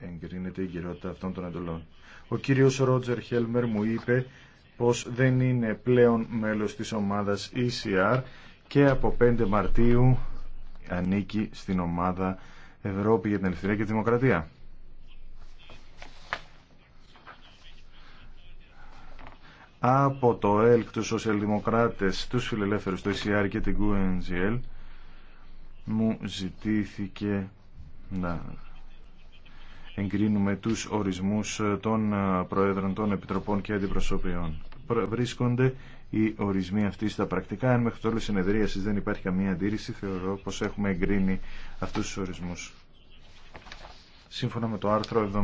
εγκρίνεται η κυριότητα αυτών των εντολών. Ο κύριος Ρότζερ Χέλμερ μου είπε πως δεν είναι πλέον μέλος της ομάδας ECR και από 5 Μαρτίου ανήκει στην ομάδα Ευρώπη για την Ελευθερία και τη Δημοκρατία. Από το ΕΛΚ, τους Σοσιαλδημοκράτες, τους Φιλελεύθερους, το ECR και την QNGL μου ζητήθηκε να εγκρίνουμε τους ορισμούς ε, των ε, Προέδρων των Επιτροπών και Αντιπροσωπιών. Βρίσκονται οι ορισμοί αυτοί στα πρακτικά. Αν μέχρι τώρα συνεδρίαση δεν υπάρχει καμία αντίρρηση, θεωρώ πως έχουμε εγκρίνει αυτούς τους ορισμούς. Σύμφωνα με το άρθρο